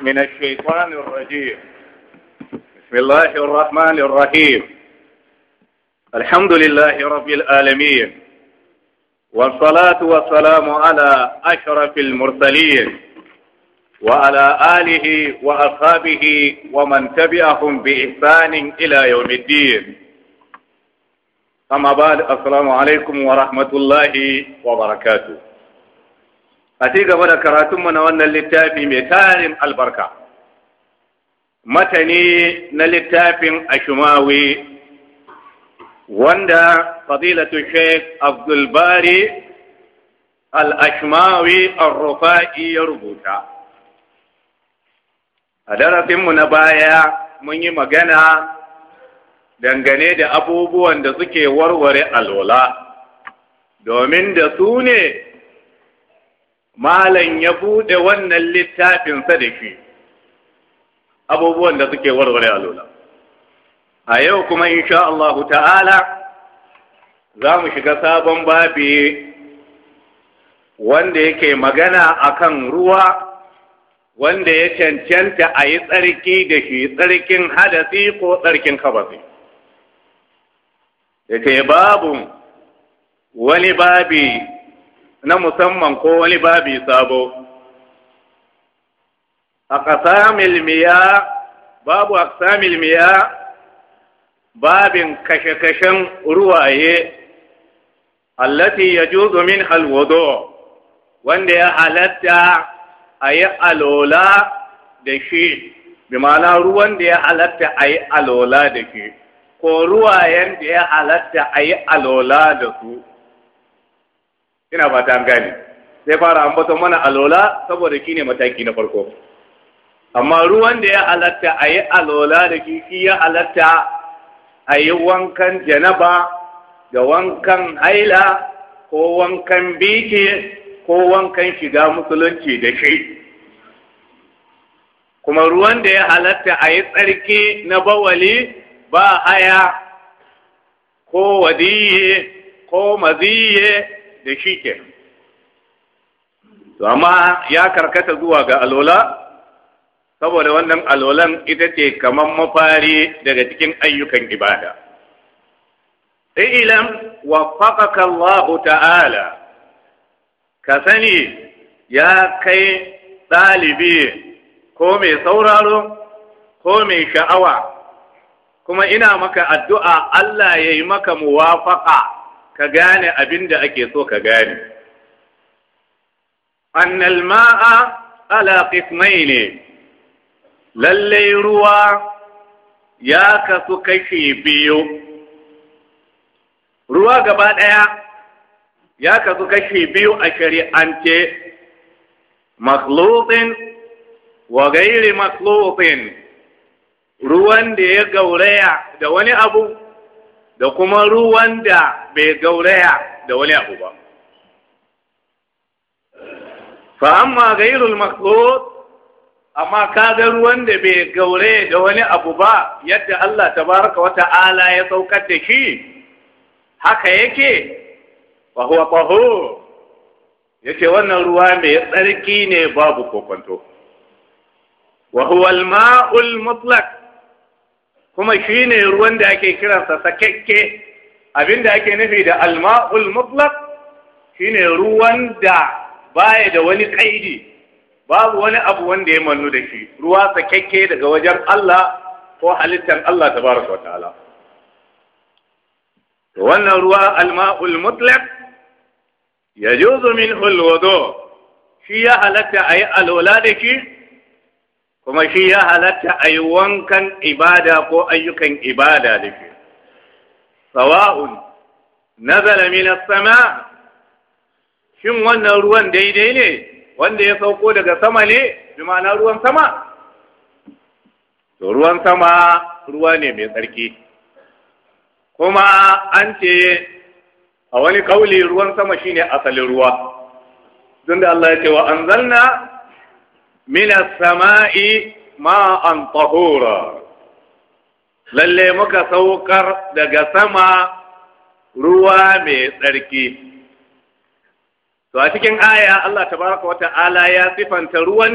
من الشيطان الرجيم بسم الله الرحمن الرحيم الحمد لله رب العالمين والصلاة والسلام على أشرف المرسلين وعلى آله وأصحابه ومن تبعهم بإحسان إلى يوم الدين أما بعد السلام عليكم ورحمة الله وبركاته a ci gaba da karatunmu na wannan littafi mai tarin albarka matani na littafin ashimawi wanda fadilatu sheikh abdulbari al-ashmawi al-rufa'i ya rubuta a darasinmu na baya mun yi magana dangane da abubuwan da suke warware alwala domin da su ne malam ya buɗe wannan littafinsa da shi abubuwan da suke warware alola a yau kuma insha Allahu ta'ala za mu shiga sabon babi wanda yake magana akan ruwa wanda ya cancanta a yi tsarki da shi tsarkin hadasi ko tsarkin kabasi da babu wani babi na musamman ko wani babi sabo a ƙasamil babu a ƙasamil milmiya, babin kashe-kashen ruwaye allati ya juzo min alwado wanda ya halatta a yi alola da shi bi ma'ana ruwan da ya halatta a yi alola da shi ko ruwayen da ya halatta a yi alola da su ina ba ta gane sai fara ambaton mana alola saboda kine mataki na farko amma ruwan da ya halatta a yi alola da kifi ya halatta a yi wankan janaba da wankan haila ko wankan biki ko wankan shiga musulunci da shi kuma ruwan da ya halatta a yi tsarki na bawali ba haya ko wadiye ko maziye da shi ke to amma ya karkata zuwa ga alola saboda wannan alolan ita ce kamar mafari daga cikin ayyukan ibada ilam waffaqaka Allah ta'ala ka sani ya kai ɗalibi ko mai sauraro ko mai sha'awa kuma ina maka addu'a Allah ya yi maka muwafaƙa ka gane abin da ake so ka gane annal ma'a ala ne lallai ruwa ya kasu kashe biyu ruwa gaba ɗaya ya kasu kashe biyu a shari'ance makhluqin wa gairi ruwan da ya gauraya da wani abu da kuma ruwan da bai gauraya da wani abu ba fa amma gairul makhlut amma ka ga ruwan da bai gauraya da wani abu ba yadda Allah Ta tabaraka wata ala ya saukar da shi haka yake fa huwa tahur wannan ruwa mai tsarki ne babu kokonto Wahuwal maul mutlak kuma shi ne ruwan da ake kiransa sakakke abinda ake nufi da alma'ul mutlaq shi ne ruwan da baya da wani ƙaidi babu wani abu wanda ya mannu da shi ruwa sakakke daga wajen Allah ko halittar Allah ta baraka wa ta'ala wannan ruwa alma'ul mutlaq yajuzu minhu alwudu shi ya halatta ayi alwala da shi kuma shi ya halatta a yi wankan ibada ko ayyukan ibada da shi sawa'un nazala min sama shin wannan ruwan daidai ne wanda ya sauko daga sama ne bi ma'ana ruwan sama to ruwan sama ruwa ne mai tsarki kuma an ce a wani kauli ruwan sama shine asalin ruwa tunda Allah ya ce wa anzalna Mina as-sama'i ma'an tahura Lallai muka saukar daga sama ruwa mai tsarki to a cikin aya Allah tabaraka wa ta'ala ya sifanta ruwan